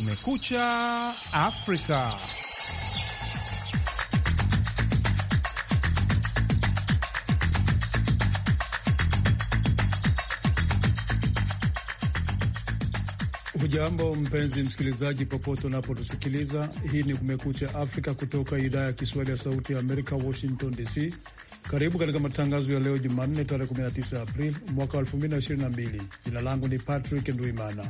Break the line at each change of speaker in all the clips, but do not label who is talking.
Kumekucha Afrika.
Hujambo mpenzi msikilizaji, popote unapotusikiliza. Hii ni Kumekucha Afrika kutoka idhaa ya Kiswahili ya Sauti ya Amerika, Washington DC. Karibu katika matangazo ya leo Jumanne, tarehe 19 Aprili mwaka 2022. Jina langu ni Patrick Nduimana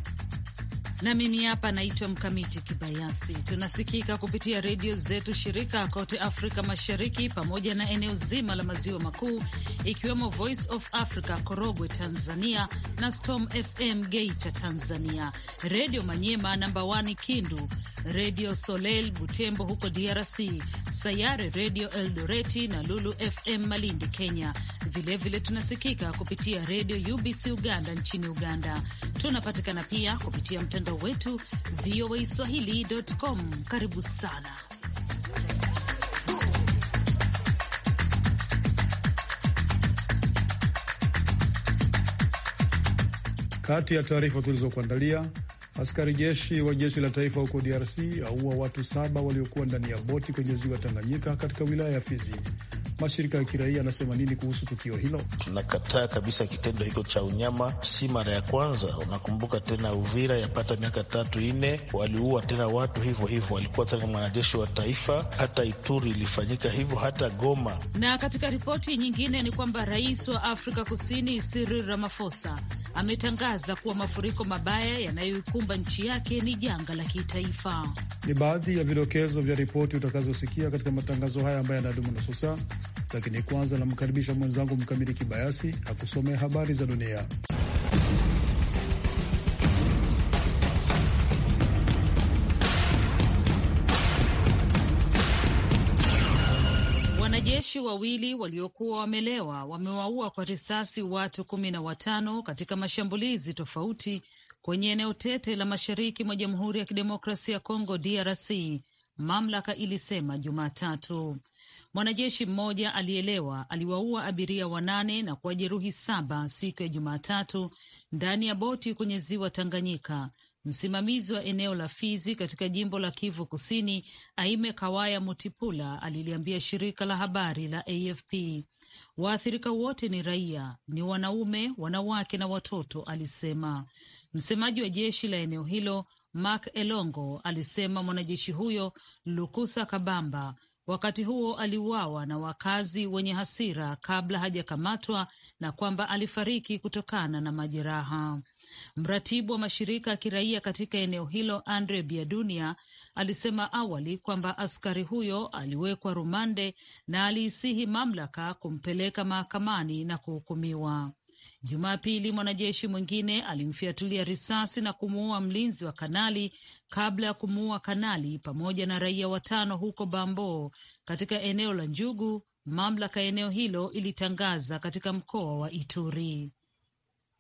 na mimi hapa naitwa Mkamiti Kibayasi. Tunasikika kupitia redio zetu shirika kote Afrika Mashariki pamoja na eneo zima la maziwa makuu, ikiwemo Voice of Africa Korogwe Tanzania na Storm FM Geita Tanzania, Redio Manyema namba 1 Kindu, Redio Soleil Butembo huko DRC, Sayare Redio Eldoreti na Lulu FM Malindi Kenya. Vilevile vile tunasikika kupitia redio UBC Uganda nchini Uganda. Tunapatikana pia kupitia mtandao wetu VOA Swahili.com. Karibu sana.
Kati ya taarifa tulizokuandalia, askari jeshi wa jeshi la taifa huko DRC aua watu saba waliokuwa ndani ya boti kwenye ziwa Tanganyika katika wilaya ya Fizi. Mashirika ya kiraia yanasema nini kuhusu tukio hilo?
Nakataa kabisa kitendo hicho cha unyama, si mara ya kwanza. Unakumbuka tena Uvira yapata miaka tatu nne, waliua tena watu hivyo hivyo, walikuwa tena mwanajeshi wa taifa. Hata Ituri ilifanyika hivyo, hata Goma.
Na katika ripoti nyingine ni kwamba rais wa Afrika Kusini Cyril Ramaphosa ametangaza kuwa mafuriko mabaya yanayoikumba nchi yake ni janga la kitaifa.
Ni baadhi ya vidokezo vya ripoti utakazosikia katika matangazo haya ambayo yanadumu nusu saa, lakini kwanza namkaribisha mwenzangu Mkamili Kibayasi akusomea habari za dunia.
Wanajeshi wawili waliokuwa wamelewa wamewaua kwa risasi watu kumi na watano katika mashambulizi tofauti kwenye eneo tete la mashariki mwa Jamhuri ya Kidemokrasia ya Kongo DRC, mamlaka ilisema Jumatatu. Mwanajeshi mmoja alielewa aliwaua abiria wanane na kuwajeruhi saba siku ya Jumatatu ndani ya boti kwenye ziwa Tanganyika. Msimamizi wa eneo la Fizi katika jimbo la Kivu Kusini, Aime Kawaya Mutipula, aliliambia shirika la habari la AFP Waathirika wote ni raia, ni wanaume, wanawake na watoto, alisema msemaji wa jeshi la eneo hilo Mark Elongo. Alisema mwanajeshi huyo Lukusa Kabamba wakati huo aliuawa na wakazi wenye hasira kabla hajakamatwa na kwamba alifariki kutokana na majeraha. Mratibu wa mashirika ya kiraia katika eneo hilo Andre Biadunia alisema awali kwamba askari huyo aliwekwa rumande na aliisihi mamlaka kumpeleka mahakamani na kuhukumiwa. Jumapili, mwanajeshi mwingine alimfiatulia risasi na kumuua mlinzi wa kanali kabla ya kumuua kanali pamoja na raia watano huko Bambo katika eneo la Njugu, mamlaka ya eneo hilo ilitangaza katika mkoa wa Ituri.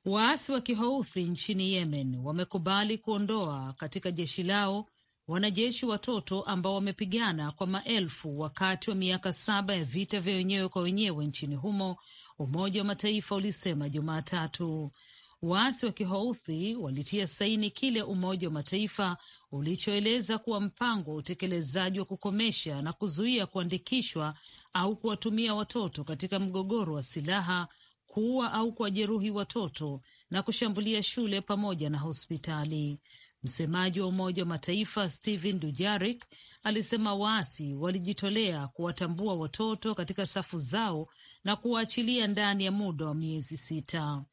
Waasi wa Kihouthi nchini Yemen wamekubali kuondoa katika jeshi lao wanajeshi watoto ambao wamepigana kwa maelfu wakati wa miaka saba ya vita vya wenyewe kwa wenyewe nchini humo, Umoja wa Mataifa ulisema Jumatatu. Waasi wa Kihouthi walitia saini kile Umoja wa Mataifa ulichoeleza kuwa mpango wa utekelezaji wa kukomesha na kuzuia kuandikishwa au kuwatumia watoto katika mgogoro wa silaha, kuua au kuwajeruhi watoto na kushambulia shule pamoja na hospitali. Msemaji wa Umoja wa Mataifa stehen dujarik alisema waasi walijitolea kuwatambua watoto katika safu zao na kuwaachilia ndani ya muda wa miezi sita.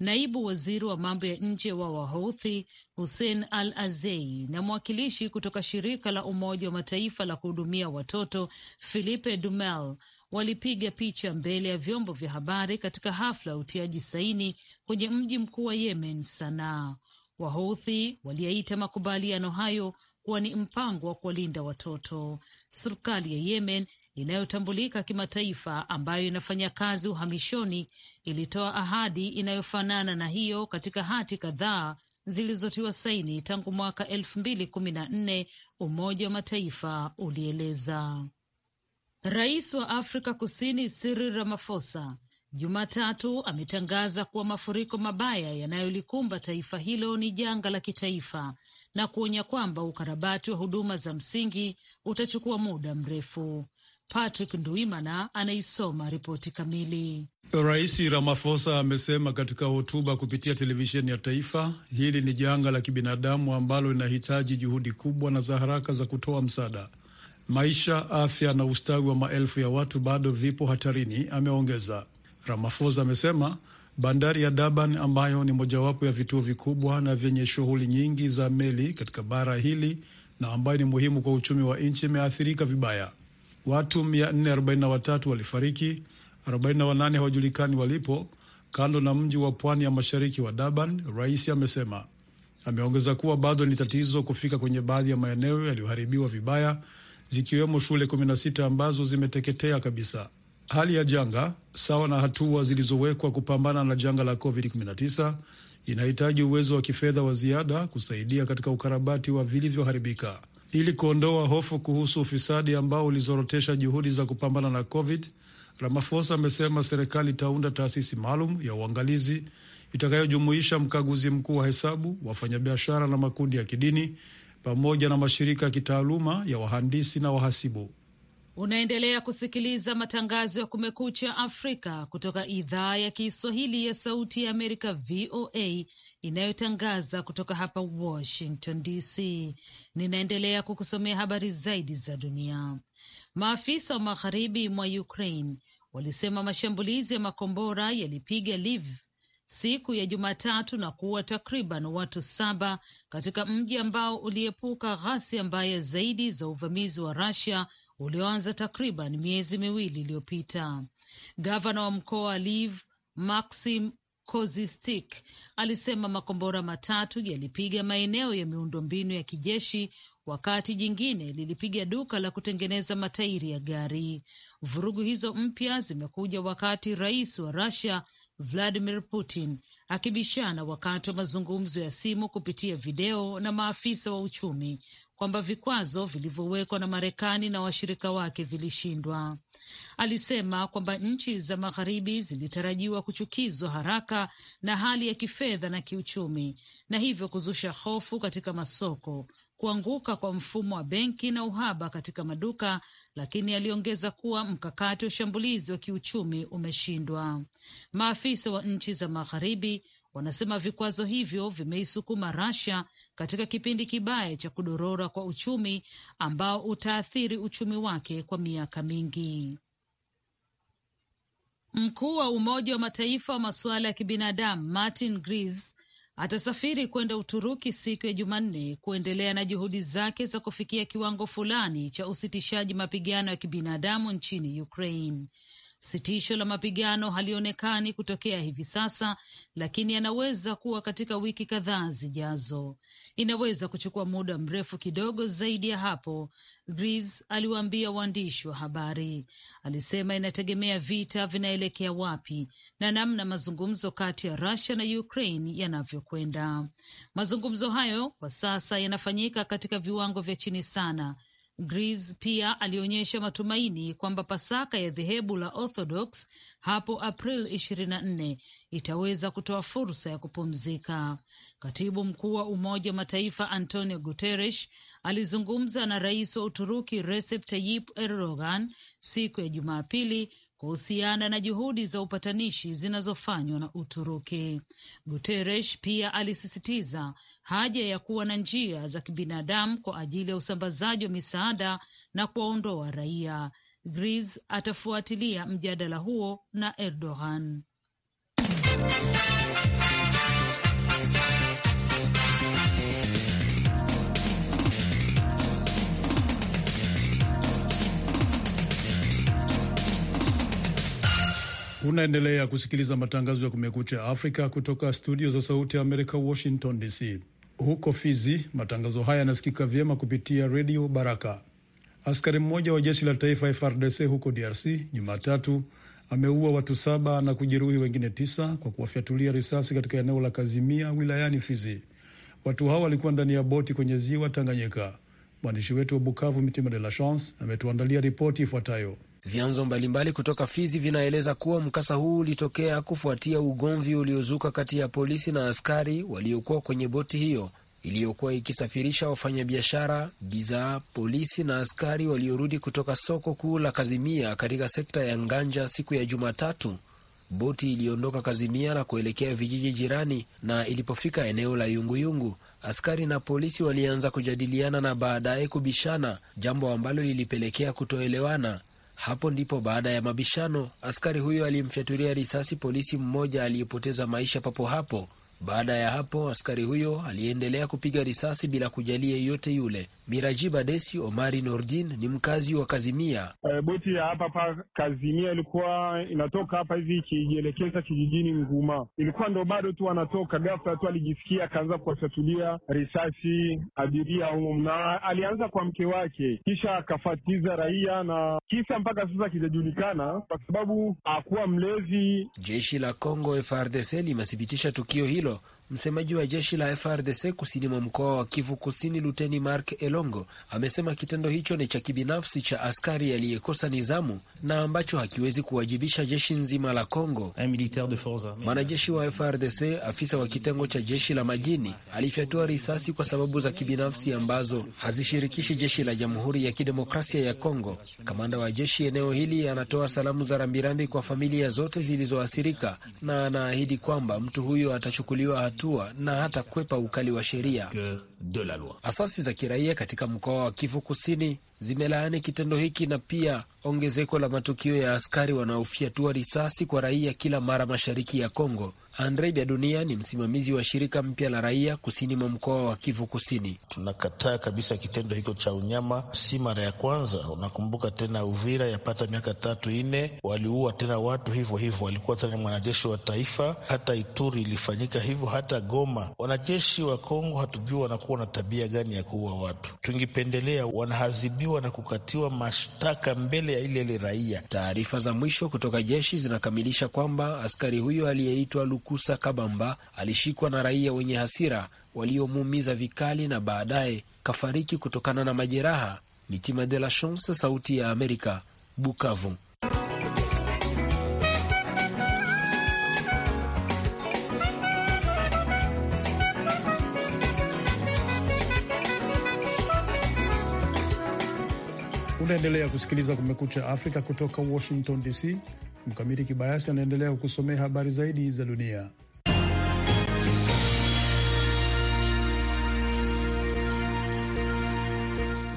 Naibu waziri wa mambo ya nje wa Wahouthi Hussein Al Azei na mwakilishi kutoka shirika la Umoja wa Mataifa la kuhudumia watoto Philippe Dumel walipiga picha mbele ya vyombo vya habari katika hafla ya utiaji saini kwenye mji mkuu wa Yemen, Sanaa. Wahouthi waliyaita makubaliano hayo kuwa ni mpango wa kuwalinda watoto. Serikali ya Yemen inayotambulika kimataifa ambayo inafanya kazi uhamishoni ilitoa ahadi inayofanana na hiyo katika hati kadhaa zilizotiwa saini tangu mwaka elfu mbili kumi na nne, Umoja wa Mataifa ulieleza. Rais wa Afrika Kusini Cyril Ramaphosa Jumatatu ametangaza kuwa mafuriko mabaya yanayolikumba taifa hilo ni janga la kitaifa na kuonya kwamba ukarabati wa huduma za msingi utachukua muda mrefu. Patrick Nduimana anaisoma ripoti kamili.
Rais Ramaphosa amesema katika hotuba kupitia televisheni ya taifa, hili ni janga la kibinadamu ambalo linahitaji juhudi kubwa na za haraka za kutoa msaada. Maisha, afya na ustawi wa maelfu ya watu bado vipo hatarini, ameongeza. Ramaphosa amesema bandari ya Durban ambayo ni mojawapo ya vituo vikubwa na vyenye shughuli nyingi za meli katika bara hili na ambayo ni muhimu kwa uchumi wa nchi imeathirika vibaya. Watu 443 walifariki, 48 hawajulikani walipo kando na mji wa pwani ya mashariki wa Durban, rais amesema. Ameongeza kuwa bado ni tatizo kufika kwenye baadhi ya maeneo yaliyoharibiwa vibaya, zikiwemo shule 16 ambazo zimeteketea kabisa. Hali ya janga sawa na hatua zilizowekwa kupambana na janga la COVID-19 inahitaji uwezo wa kifedha wa ziada kusaidia katika ukarabati wa vilivyoharibika ili kuondoa hofu kuhusu ufisadi ambao ulizorotesha juhudi za kupambana na COVID. Ramaphosa amesema serikali itaunda taasisi maalum ya uangalizi itakayojumuisha mkaguzi mkuu wa hesabu, wafanyabiashara na makundi ya kidini pamoja na mashirika ya kitaaluma ya wahandisi na wahasibu.
Unaendelea kusikiliza matangazo ya Kumekucha Afrika kutoka idhaa ya Kiswahili ya Sauti ya Amerika, VOA, inayotangaza kutoka hapa Washington DC. Ninaendelea kukusomea habari zaidi za dunia. Maafisa wa magharibi mwa Ukraine walisema mashambulizi ya makombora yalipiga Lviv siku ya Jumatatu na kuua takriban watu saba katika mji ambao uliepuka ghasia mbaya zaidi za uvamizi wa Russia ulioanza takriban miezi miwili iliyopita. Gavana wa mkoa Lviv Maxim Kozistik alisema makombora matatu yalipiga maeneo ya miundombinu ya kijeshi wakati jingine lilipiga duka la kutengeneza matairi ya gari. Vurugu hizo mpya zimekuja wakati rais wa Russia Vladimir Putin akibishana wakati wa mazungumzo ya simu kupitia video na maafisa wa uchumi kwamba vikwazo vilivyowekwa na Marekani na washirika wake vilishindwa. Alisema kwamba nchi za magharibi zilitarajiwa kuchukizwa haraka na hali ya kifedha na kiuchumi, na hivyo kuzusha hofu katika masoko, kuanguka kwa mfumo wa benki na uhaba katika maduka, lakini aliongeza kuwa mkakati wa ushambulizi wa kiuchumi umeshindwa. Maafisa wa nchi za magharibi wanasema vikwazo hivyo vimeisukuma Russia katika kipindi kibaya cha kudorora kwa uchumi ambao utaathiri uchumi wake kwa miaka mingi. Mkuu wa Umoja wa Mataifa wa masuala ya kibinadamu Martin Griffiths atasafiri kwenda Uturuki siku ya Jumanne kuendelea na juhudi zake za kufikia kiwango fulani cha usitishaji mapigano ya kibinadamu nchini Ukraine. Sitisho la mapigano halionekani kutokea hivi sasa, lakini yanaweza kuwa katika wiki kadhaa zijazo. Inaweza kuchukua muda mrefu kidogo zaidi ya hapo, Greaves aliwaambia waandishi wa habari. Alisema inategemea vita vinaelekea wapi na namna mazungumzo kati ya Russia na Ukraine yanavyokwenda. Mazungumzo hayo kwa sasa yanafanyika katika viwango vya chini sana Greaves pia alionyesha matumaini kwamba Pasaka ya dhehebu la Orthodox hapo April 24 itaweza kutoa fursa ya kupumzika. Katibu mkuu wa Umoja wa Mataifa Antonio Guterres alizungumza na rais wa Uturuki Recep Tayyip Erdogan siku ya Jumapili kuhusiana na juhudi za upatanishi zinazofanywa na Uturuki. Guterres pia alisisitiza haja ya kuwa na njia za kibinadamu kwa ajili ya usambazaji wa misaada na kuwaondoa raia. Greaves atafuatilia mjadala huo na Erdogan.
Unaendelea kusikiliza matangazo ya Kumekucha Afrika kutoka studio za Sauti ya Amerika, Washington DC. Huko Fizi, matangazo haya yanasikika vyema kupitia Redio Baraka. Askari mmoja wa jeshi la taifa FRDC huko DRC Jumatatu ameua watu saba na kujeruhi wengine tisa kwa kuwafyatulia risasi katika eneo la Kazimia wilayani Fizi. Watu hao walikuwa ndani ya boti kwenye ziwa Tanganyika. Mwandishi wetu wa Bukavu Mitima de la Chance ametuandalia ripoti ifuatayo.
Vyanzo mbalimbali kutoka Fizi vinaeleza kuwa mkasa huu ulitokea kufuatia ugomvi uliozuka kati ya polisi na askari waliokuwa kwenye boti hiyo iliyokuwa ikisafirisha wafanyabiashara, bidhaa, polisi na askari waliorudi kutoka soko kuu la Kazimia katika sekta ya Nganja siku ya Jumatatu. Boti iliondoka Kazimia na kuelekea vijiji jirani, na ilipofika eneo la Yunguyungu, askari na polisi walianza kujadiliana na baadaye kubishana, jambo ambalo lilipelekea kutoelewana. Hapo ndipo baada ya mabishano, askari huyo alimfyatulia risasi polisi mmoja aliyepoteza maisha papo hapo baada ya hapo askari huyo aliendelea kupiga risasi bila kujali yeyote yule. miraji badesi Omari Nordin ni mkazi wa Kazimia.
E, boti ya hapa pa Kazimia ilikuwa inatoka hapa hivi ikijielekeza kijijini Nguma, ilikuwa ndo bado tu anatoka, ghafla tu alijisikia akaanza kuwasatulia risasi abiria humu, na alianza kwa mke wake, kisha akafatiza raia, na kisa mpaka sasa akijajulikana kwa sababu hakuwa mlezi Jeshi la
Congo frdc limethibitisha tukio hilo tranquilo, Msemaji wa jeshi la FRDC kusini mwa mkoa wa Kivu Kusini, Luteni Mark Elongo, amesema kitendo hicho ni cha kibinafsi cha askari aliyekosa nizamu na ambacho hakiwezi kuwajibisha jeshi nzima la Kongo. Mwanajeshi wa FRDC, afisa wa kitengo cha jeshi la majini, alifyatua risasi kwa sababu za kibinafsi ambazo hazishirikishi jeshi la Jamhuri ya Kidemokrasia ya Kongo. Kamanda wa jeshi eneo hili anatoa salamu za rambirambi kwa familia zote zilizoathirika na anaahidi kwamba mtu huyo atachukuliwa hatua na hata kwepa ukali wa sheria. Asasi za kiraia katika mkoa wa Kivu Kusini zimelaani kitendo hiki na pia ongezeko la matukio ya askari wanaofyatua risasi kwa raia kila mara mashariki ya Kongo Andrei Bya ni msimamizi wa shirika mpya la raia kusini mwa mkoa wa Kivu
Kusini. Tunakataa kabisa kitendo hiko cha unyama, si mara ya kwanza. Unakumbuka tena Uvira yapata miaka tatu ine, waliua tena watu hivyo hivyo, walikuwa tena mwanajeshi wa taifa. Hata Ituri ilifanyika hivyo, hata Goma. Wanajeshi wa Kongo hatujua wanakuwa na tabia gani ya kuua watu, tungipendelea wanahazibiwa na kukatiwa mashtaka
mbele ya ile ile raia. Taarifa za mwisho kutoka jeshi zinakamilisha kwamba askari huyo aliyeitwa Kusa Kabamba alishikwa na raia wenye hasira waliomuumiza vikali na baadaye kafariki kutokana na majeraha. Mitima de la Chance, Sauti ya Amerika, Bukavu.
Unaendelea kusikiliza Kumekucha Afrika kutoka Washington DC. Mkamiti Kibayasi anaendelea kukusomea habari zaidi za dunia.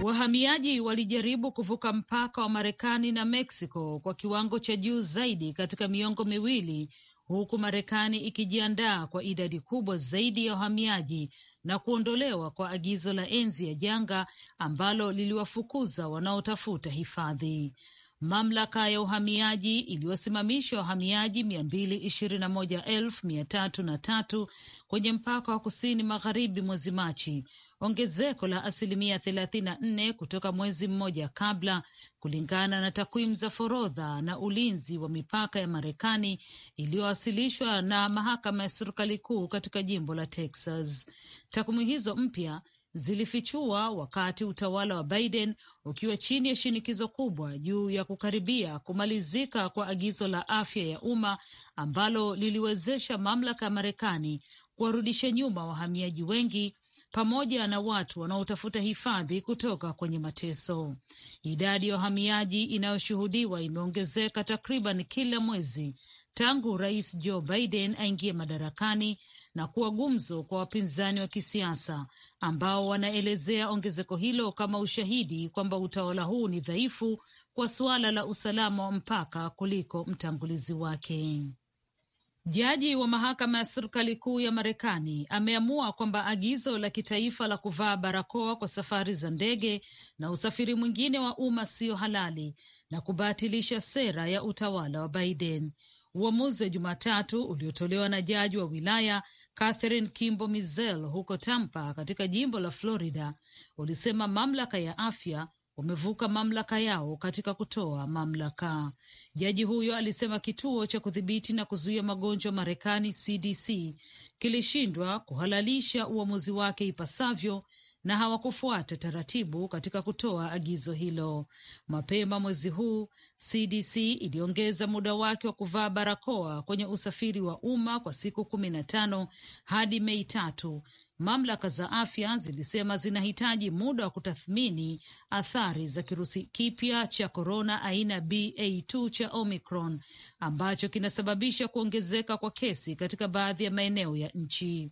Wahamiaji walijaribu kuvuka mpaka wa Marekani na Meksiko kwa kiwango cha juu zaidi katika miongo miwili huku Marekani ikijiandaa kwa idadi kubwa zaidi ya wahamiaji na kuondolewa kwa agizo la enzi ya janga ambalo liliwafukuza wanaotafuta hifadhi. Mamlaka ya uhamiaji iliyosimamisha wahamiaji mia mbili ishirini na moja elfu mia tatu na tatu kwenye mpaka wa kusini magharibi mwezi Machi, ongezeko la asilimia thelathini na nne kutoka mwezi mmoja kabla, kulingana na takwimu za forodha na ulinzi wa mipaka ya Marekani iliyowasilishwa na mahakama ya serikali kuu katika jimbo la Texas. Takwimu hizo mpya zilifichua wakati utawala wa Biden ukiwa chini ya shinikizo kubwa juu ya kukaribia kumalizika kwa agizo la afya ya umma ambalo liliwezesha mamlaka ya Marekani kuwarudisha nyuma wahamiaji wengi pamoja na watu wanaotafuta hifadhi kutoka kwenye mateso. Idadi ya wahamiaji inayoshuhudiwa imeongezeka takriban kila mwezi tangu Rais Joe Biden aingie madarakani na kuwa gumzo kwa wapinzani wa kisiasa ambao wanaelezea ongezeko hilo kama ushahidi kwamba utawala huu ni dhaifu kwa suala la usalama wa mpaka kuliko mtangulizi wake. Jaji wa mahakama ya serikali kuu ya Marekani ameamua kwamba agizo la kitaifa la kuvaa barakoa kwa safari za ndege na usafiri mwingine wa umma siyo halali na kubatilisha sera ya utawala wa Biden. Uamuzi wa Jumatatu uliotolewa na jaji wa wilaya Catherine Kimbo misel huko Tampa katika jimbo la Florida ulisema mamlaka ya afya wamevuka mamlaka yao katika kutoa mamlaka. Jaji huyo alisema kituo cha kudhibiti na kuzuia magonjwa Marekani, CDC, kilishindwa kuhalalisha uamuzi wake ipasavyo na hawakufuata taratibu katika kutoa agizo hilo. Mapema mwezi huu CDC iliongeza muda wake wa kuvaa barakoa kwenye usafiri wa umma kwa siku kumi na tano hadi Mei tatu. Mamlaka za afya zilisema zinahitaji muda wa kutathmini athari za kirusi kipya cha korona aina BA2 cha Omicron ambacho kinasababisha kuongezeka kwa kesi katika baadhi ya maeneo ya nchi.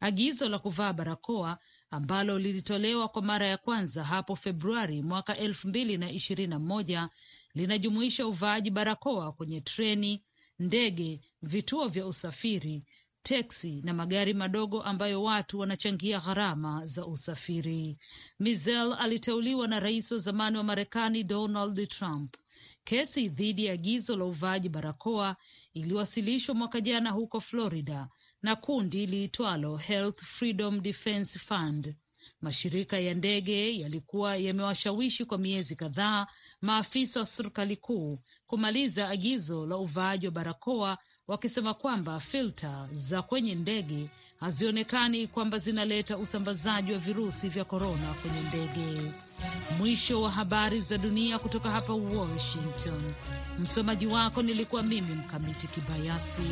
Agizo la kuvaa barakoa ambalo lilitolewa kwa mara ya kwanza hapo Februari mwaka elfu mbili na ishirini na moja linajumuisha uvaaji barakoa kwenye treni, ndege, vituo vya usafiri, teksi na magari madogo ambayo watu wanachangia gharama za usafiri. Mizell aliteuliwa na rais wa zamani wa Marekani Donald Trump. Kesi dhidi ya agizo la uvaaji barakoa iliwasilishwa mwaka jana huko Florida na kundi liitwalo Health Freedom Defence Fund. Mashirika ya ndege yalikuwa yamewashawishi kwa miezi kadhaa maafisa wa serikali kuu kumaliza agizo la uvaaji wa barakoa, wakisema kwamba filta za kwenye ndege hazionekani kwamba zinaleta usambazaji wa virusi vya korona kwenye ndege. Mwisho wa habari za dunia kutoka hapa Washington. Msomaji wako nilikuwa mimi Mkamiti Kibayasi.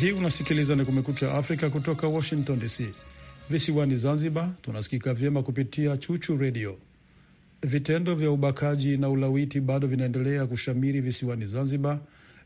Hii unasikiliza ni Kumekucha Afrika kutoka Washington DC. Visiwani Zanzibar tunasikika vyema kupitia Chuchu Redio. Vitendo vya ubakaji na ulawiti bado vinaendelea kushamiri visiwani Zanzibar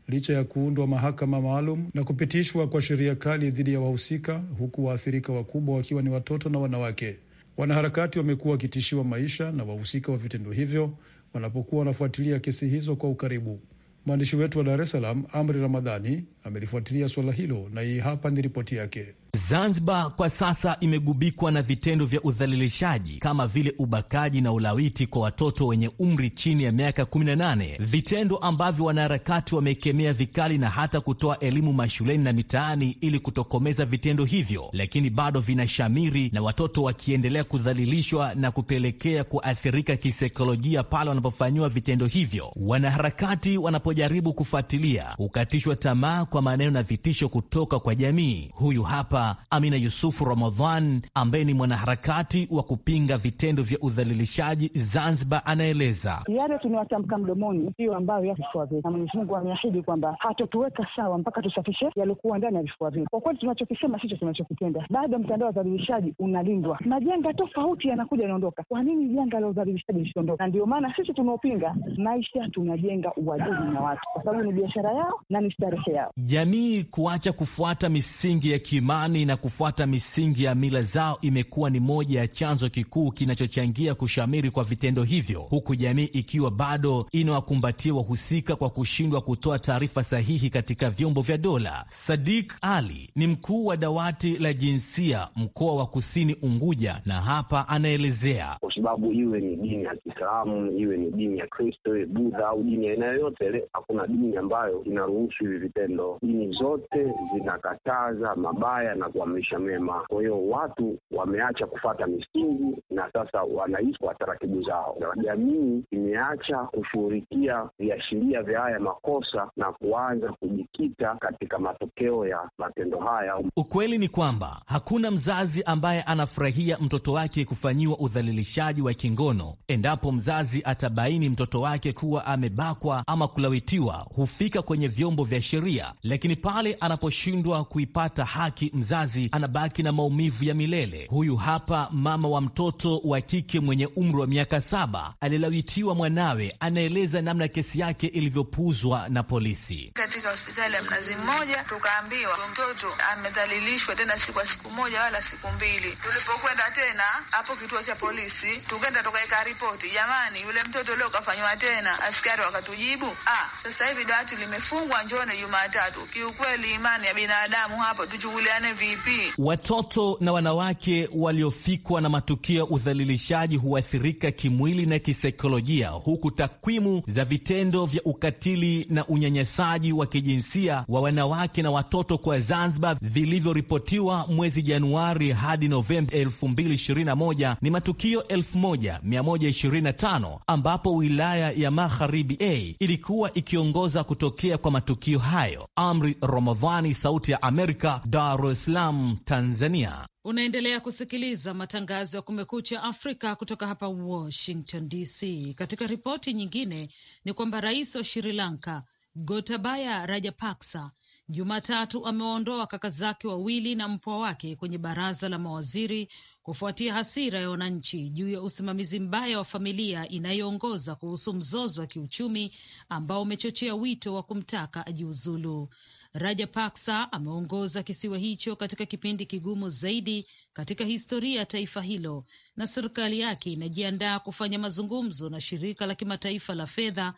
licha ya kuundwa mahakama maalum na kupitishwa kwa sheria kali dhidi ya wahusika, huku waathirika wakubwa wakiwa ni watoto na wanawake. Wanaharakati wamekuwa wakitishiwa maisha na wahusika wa vitendo hivyo wanapokuwa wanafuatilia kesi hizo kwa ukaribu. Mwandishi wetu wa Dar es Salaam, Amri Ramadhani, amelifuatilia suala hilo na hii hapa ni ripoti yake. Zanzibar kwa
sasa imegubikwa na vitendo vya udhalilishaji kama vile ubakaji na ulawiti kwa watoto wenye umri chini ya miaka 18, vitendo ambavyo wanaharakati wamekemea vikali na hata kutoa elimu mashuleni na mitaani ili kutokomeza vitendo hivyo, lakini bado vinashamiri na watoto wakiendelea kudhalilishwa na kupelekea kuathirika kisaikolojia pale wanapofanyiwa vitendo hivyo. Wanaharakati wanapojaribu kufuatilia, hukatishwa tamaa kwa maneno na vitisho kutoka kwa jamii. Huyu hapa Amina Yusufu Ramadhan ambaye ni mwanaharakati wa kupinga vitendo vya udhalilishaji Zanzibar,
anaeleza yale tumewatamka mdomoni, hiyo ambayo ya vifua vyetu, na Mwenyezi Mungu ameahidi kwamba hatotuweka sawa mpaka tusafishe yaliokuwa ndani ya vifua vyetu. Kwa kweli tunachokisema sicho tunachokitenda. Bado mtandao wa udhalilishaji unalindwa, majanga tofauti yanakuja yanaondoka. Kwa nini janga la udhalilishaji lisiondoka? Na ndio maana sisi tunaopinga maisha tunajenga uadui na watu, kwa sababu ni biashara yao na ni starehe yao,
jamii kuacha kufuata misingi ya kiimani imani na kufuata misingi ya mila zao imekuwa ni moja ya chanzo kikuu kinachochangia kushamiri kwa vitendo hivyo, huku jamii ikiwa bado inawakumbatia wahusika kwa kushindwa kutoa taarifa sahihi katika vyombo vya dola. Sadik Ali ni mkuu wa dawati la jinsia mkoa wa Kusini Unguja, na hapa anaelezea.
Kwa sababu iwe ni dini ya Kiislamu, iwe ni dini ya Kristo, iwe Budha au dini aina yoyote ile, hakuna dini ambayo inaruhusu hivi vitendo. Dini zote zinakataza mabaya na na kuamrisha mema. Kwa hiyo watu wameacha kufata misingi na sasa wanaishi kwa taratibu zao, na jamii imeacha kushughulikia viashiria vya haya makosa na kuanza kujikita katika matokeo ya matendo haya.
Ukweli ni kwamba hakuna mzazi ambaye anafurahia mtoto wake kufanyiwa udhalilishaji wa kingono. Endapo mzazi atabaini mtoto wake kuwa amebakwa ama kulawitiwa, hufika kwenye vyombo vya sheria, lakini pale anaposhindwa kuipata haki mzazi anabaki na maumivu ya milele. Huyu hapa mama wa mtoto wa kike mwenye umri wa miaka saba alilawitiwa mwanawe, anaeleza namna kesi yake ilivyopuuzwa na polisi.
Katika hospitali ya Mnazi Mmoja tukaambiwa mtoto amedhalilishwa, tena si kwa siku moja wala siku mbili. Tulipokwenda tena hapo kituo cha polisi, tukenda tukaweka ripoti, jamani, yule mtoto leo kafanywa tena. Askari wakatujibu ah, sasa hivi dawati limefungwa, njone Jumatatu. Kiukweli imani ya binadamu hapo tuchukuliane vipi?
Watoto na wanawake waliofikwa na matukio ya udhalilishaji huathirika kimwili na kisaikolojia, huku takwimu za vitendo vya ukatili na unyanyasaji wa kijinsia wa wanawake na watoto kwa Zanzibar vilivyoripotiwa mwezi Januari hadi Novemba 2021 ni matukio 1125 ambapo wilaya ya Magharibi A ilikuwa ikiongoza kutokea kwa matukio hayo. Amri Ramadhani, Sauti ya Amerika, Dar es Salaam, Tanzania.
Unaendelea kusikiliza matangazo ya Kumekucha Afrika kutoka hapa Washington DC. Katika ripoti nyingine ni kwamba rais wa Sri Lanka Gotabaya Rajapaksa Jumatatu amewaondoa kaka zake wawili na mpwa wake kwenye baraza la mawaziri kufuatia hasira ya wananchi juu ya usimamizi mbaya wa familia inayoongoza kuhusu mzozo wa kiuchumi ambao umechochea wito wa kumtaka ajiuzulu. Rajapaksa ameongoza kisiwa hicho katika kipindi kigumu zaidi katika historia ya taifa hilo, na serikali yake inajiandaa kufanya mazungumzo na shirika la kimataifa la fedha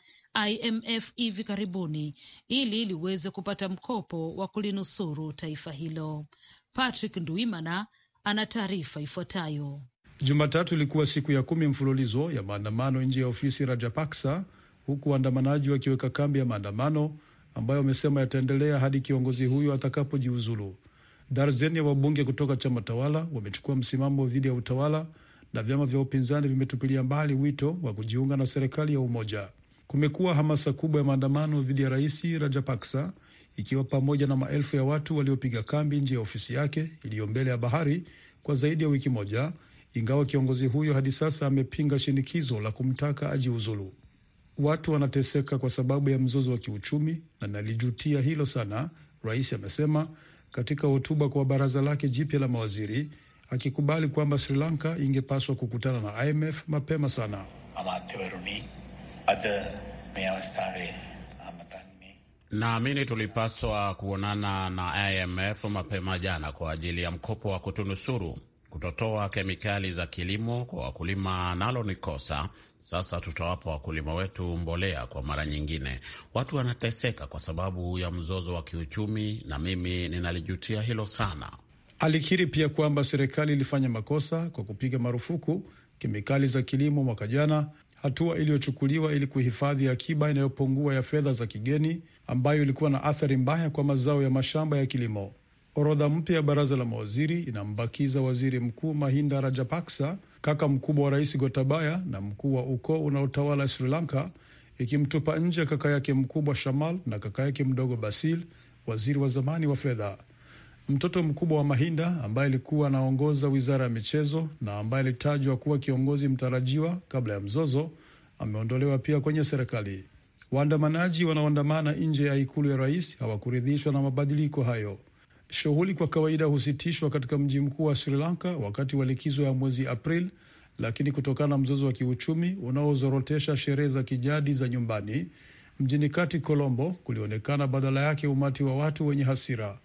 IMF hivi karibuni ili liweze kupata mkopo wa kulinusuru taifa hilo. Patrick Nduimana ana taarifa ifuatayo.
Jumatatu ilikuwa siku ya kumi mfululizo ya maandamano nje ya ofisi Rajapaksa, huku waandamanaji wakiweka kambi ya maandamano ambayo amesema yataendelea hadi kiongozi huyo atakapojiuzulu. Darzeni ya wabunge kutoka chama tawala wamechukua msimamo dhidi ya utawala na vyama vya upinzani vimetupilia mbali wito wa kujiunga na serikali ya umoja. Kumekuwa hamasa kubwa ya maandamano dhidi ya Rais Rajapaksa, ikiwa pamoja na maelfu ya watu waliopiga kambi nje ya ofisi yake iliyo mbele ya bahari kwa zaidi ya wiki moja, ingawa kiongozi huyo hadi sasa amepinga shinikizo la kumtaka ajiuzulu. Watu wanateseka kwa sababu ya mzozo wa kiuchumi na nalijutia hilo sana, rais amesema katika hotuba kwa baraza lake jipya la mawaziri, akikubali kwamba Sri Lanka ingepaswa kukutana na IMF mapema sana.
Naamini tulipaswa kuonana na IMF mapema jana kwa ajili ya mkopo wa kutunusuru kutotoa kemikali za kilimo kwa wakulima, nalo ni kosa sasa tutawapa wakulima wetu mbolea kwa mara nyingine. Watu wanateseka kwa sababu ya mzozo wa kiuchumi, na mimi ninalijutia hilo sana.
Alikiri pia kwamba serikali ilifanya makosa kwa kupiga marufuku kemikali za kilimo mwaka jana, hatua iliyochukuliwa ili kuhifadhi akiba inayopungua ya fedha za kigeni ambayo ilikuwa na athari mbaya kwa mazao ya mashamba ya kilimo. Orodha mpya ya baraza la mawaziri inambakiza waziri mkuu Mahinda Rajapaksa, kaka mkubwa wa rais Gotabaya na mkuu wa ukoo unaotawala Sri Lanka, ikimtupa nje kaka yake mkubwa Shamal na kaka yake mdogo Basil, waziri wa zamani wa fedha. Mtoto mkubwa wa Mahinda ambaye alikuwa anaongoza wizara ya michezo na ambaye alitajwa kuwa kiongozi mtarajiwa kabla ya mzozo ameondolewa pia kwenye serikali. Waandamanaji wanaoandamana nje ya ikulu ya rais hawakuridhishwa na mabadiliko hayo. Shughuli kwa kawaida husitishwa katika mji mkuu wa Sri Lanka wakati wa likizo ya mwezi Aprili, lakini kutokana na mzozo wa kiuchumi unaozorotesha sherehe za kijadi za nyumbani mjini kati Colombo, kulionekana badala yake umati wa watu wenye hasira.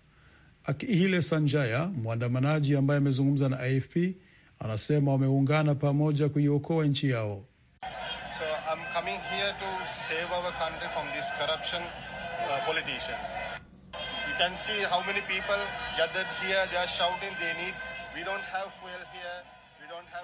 Akihile Sanjaya, mwandamanaji ambaye amezungumza na AFP, anasema wameungana pamoja kuiokoa nchi yao. So, I'm coming here to save our country from this corruption, uh, politicians can see how many people gathered here. They are shouting they need. We don't have fuel here.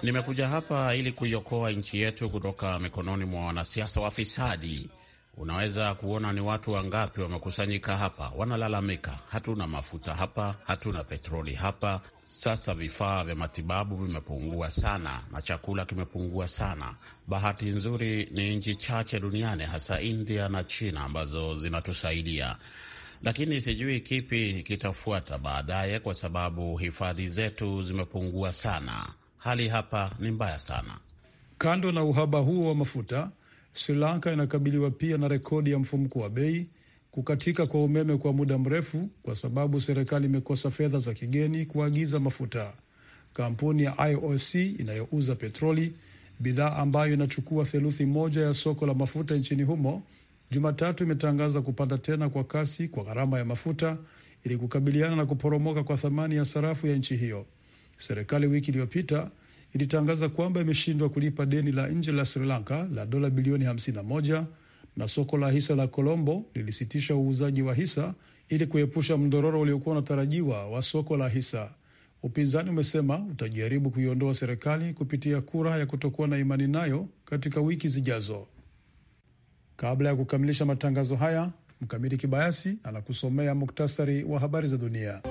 Nimekuja hapa ili kuiokoa nchi yetu kutoka mikononi mwa wanasiasa wafisadi. Unaweza kuona ni watu wangapi wamekusanyika hapa, wanalalamika, hatuna mafuta hapa, hatuna petroli hapa. Sasa vifaa vya matibabu vimepungua sana na chakula kimepungua sana. Bahati nzuri ni nchi chache duniani, hasa India na China, ambazo zinatusaidia lakini sijui kipi kitafuata baadaye, kwa sababu hifadhi zetu zimepungua sana. Hali hapa ni mbaya sana.
Kando na uhaba huo wa mafuta, Sri Lanka inakabiliwa pia na rekodi ya mfumko wa bei, kukatika kwa umeme kwa muda mrefu, kwa sababu serikali imekosa fedha za kigeni kuagiza mafuta. Kampuni ya IOC inayouza petroli, bidhaa ambayo inachukua theluthi moja ya soko la mafuta nchini humo, Jumatatu imetangaza kupanda tena kwa kasi kwa gharama ya mafuta ili kukabiliana na kuporomoka kwa thamani ya sarafu ya nchi hiyo. Serikali wiki iliyopita ilitangaza kwamba imeshindwa kulipa deni la nje la Sri Lanka la dola bilioni 51 na soko la hisa la Colombo lilisitisha uuzaji wa hisa ili kuepusha mdororo uliokuwa unatarajiwa wa soko la hisa. Upinzani umesema utajaribu kuiondoa serikali kupitia kura ya kutokuwa na imani nayo katika wiki zijazo. Kabla ya kukamilisha matangazo haya, Mkamiti Kibayasi anakusomea muktasari wa habari za dunia.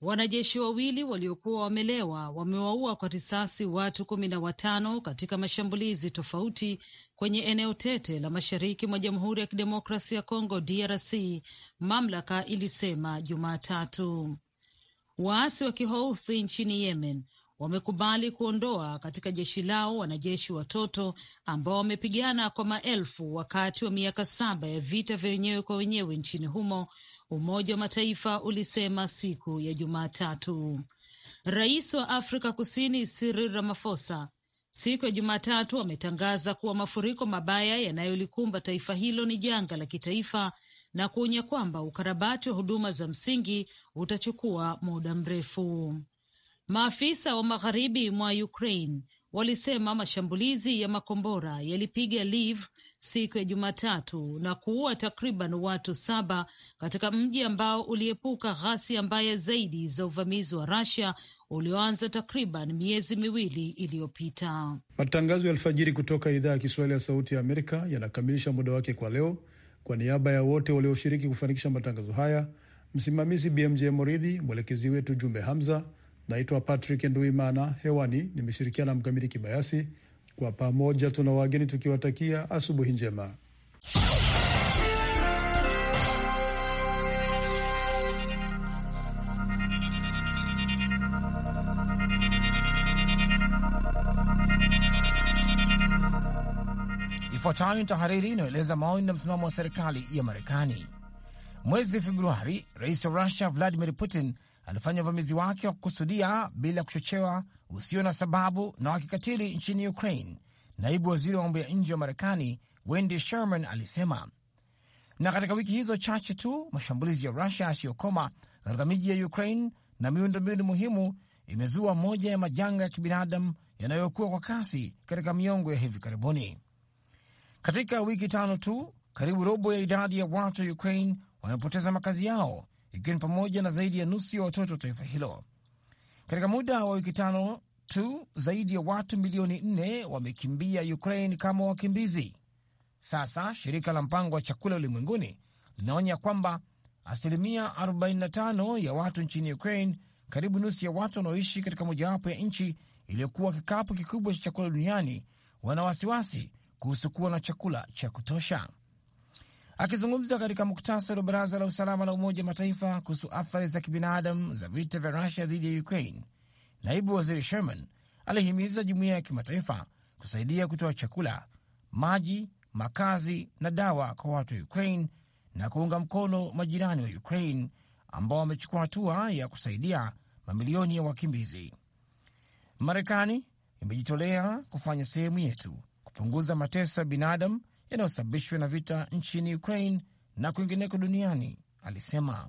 Wanajeshi wawili waliokuwa wamelewa wamewaua kwa risasi watu kumi na watano katika mashambulizi tofauti kwenye eneo tete la mashariki mwa Jamhuri ya Kidemokrasia ya Kongo DRC, mamlaka ilisema Jumatatu. Waasi wa Kihouthi nchini Yemen wamekubali kuondoa katika jeshi lao wanajeshi watoto ambao wamepigana kwa maelfu wakati wa miaka saba ya vita vya wenyewe kwa wenyewe nchini humo, Umoja wa Mataifa ulisema siku ya Jumatatu. Rais wa Afrika Kusini Cyril Ramaphosa siku ya Jumatatu ametangaza kuwa mafuriko mabaya yanayolikumba taifa hilo ni janga la kitaifa na kuonya kwamba ukarabati wa huduma za msingi utachukua muda mrefu. Maafisa wa magharibi mwa Ukraine walisema mashambulizi ya makombora yalipiga Lviv siku ya Jumatatu na kuua takriban watu saba katika mji ambao uliepuka ghasia mbaya zaidi za uvamizi wa Russia ulioanza takriban miezi miwili iliyopita.
Matangazo ya alfajiri kutoka idhaa ya Kiswahili ya Sauti ya Amerika yanakamilisha muda wake kwa leo. Kwa niaba ya wote walioshiriki kufanikisha matangazo haya, msimamizi BMJ Moridhi, mwelekezi wetu Jumbe Hamza. Naitwa Patrick Nduimana, hewani nimeshirikiana na Mkamiti Kibayasi. Kwa pamoja tuna wageni tukiwatakia asubuhi njema.
Ifuatayo ni tahariri inayoeleza maoni na msimamo wa serikali ya Marekani. Mwezi Februari, rais wa Rusia Vladimir Putin alifanya uvamizi wake wa kukusudia bila kuchochewa, usio na sababu na wa kikatili nchini Ukraine. Naibu waziri wa mambo ya nje wa Marekani Wendy Sherman alisema. Na katika wiki hizo chache tu, mashambulizi ya Rusia yasiyokoma katika miji ya Ukraine na miundombinu muhimu imezua moja ya majanga ya kibinadamu yanayokuwa kwa kasi katika miongo ya hivi karibuni. Katika wiki tano tu, karibu robo ya idadi ya watu wa Ukraine wamepoteza makazi yao ikiwa ni pamoja na zaidi ya nusu ya watoto wa taifa hilo. Katika muda wa wiki tano tu, zaidi ya watu milioni nne wamekimbia Ukraine kama wakimbizi. Sasa shirika la mpango wa chakula ulimwenguni linaonya kwamba asilimia 45 ya watu nchini Ukraine, karibu nusu ya watu wanaoishi katika mojawapo ya nchi iliyokuwa kikapu kikubwa cha chakula duniani, wana wasiwasi kuhusu kuwa na chakula cha kutosha. Akizungumza katika muktasari wa baraza la usalama la Umoja Mataifa kuhusu athari za kibinadamu za vita vya Rusia dhidi ya Ukraine, naibu waziri Sherman alihimiza jumuiya ya kimataifa kusaidia kutoa chakula, maji, makazi na dawa kwa watu wa Ukraine na kuunga mkono majirani wa Ukraine ambao wamechukua hatua ya kusaidia mamilioni ya wakimbizi. Marekani imejitolea kufanya sehemu yetu kupunguza mateso ya binadamu yanayosababishwa na vita nchini Ukraine na kwingineko duniani, alisema.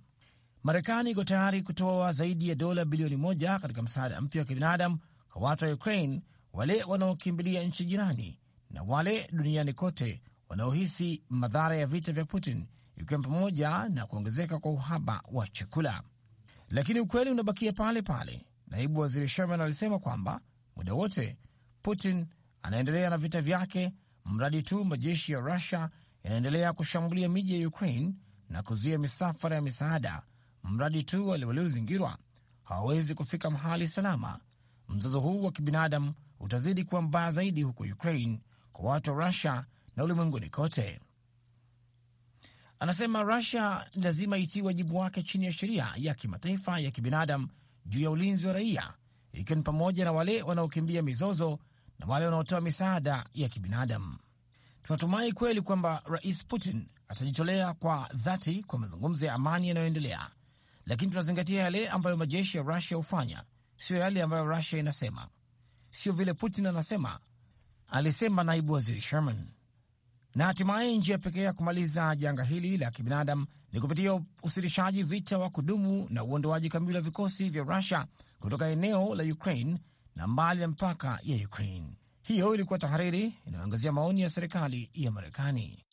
Marekani iko tayari kutoa zaidi ya dola bilioni moja katika msaada mpya wa kibinadamu kwa watu wa Ukraine, wale wanaokimbilia nchi jirani na wale duniani kote wanaohisi madhara ya vita vya Putin, ikiwa pamoja na kuongezeka kwa uhaba wa chakula. Lakini ukweli unabakia pale pale. Naibu Waziri Sherman alisema kwamba muda wote Putin anaendelea na vita vyake mradi tu majeshi ya Rusia yanaendelea kushambulia miji ya Ukraine na kuzuia misafara ya misaada, mradi tu wale waliozingirwa hawawezi kufika mahali salama. Mzozo huu wa kibinadamu utazidi kuwa mbaya zaidi huko Ukraine, kwa watu wa Rusia na ulimwenguni kote. Anasema Rusia lazima itii wajibu wake chini ya sheria ya kimataifa ya kibinadamu juu ya ulinzi wa raia, ikiwa ni pamoja na wale wanaokimbia mizozo na wale wanaotoa misaada ya kibinadamu. Tunatumai kweli kwamba Rais Putin atajitolea kwa dhati kwa mazungumzo ya amani yanayoendelea, lakini tunazingatia yale ambayo majeshi ya Rusia hufanya, siyo yale ambayo Rusia inasema, sio vile Putin anasema, alisema naibu waziri Sherman. Na hatimaye njia pekee ya kumaliza janga hili la kibinadamu ni kupitia usitishaji vita wa kudumu na uondoaji kamili wa vikosi vya Rusia kutoka eneo la Ukraine na mbali ya mpaka ya Ukraine. Hiyo ilikuwa tahariri inayoangazia maoni ya serikali ya Marekani.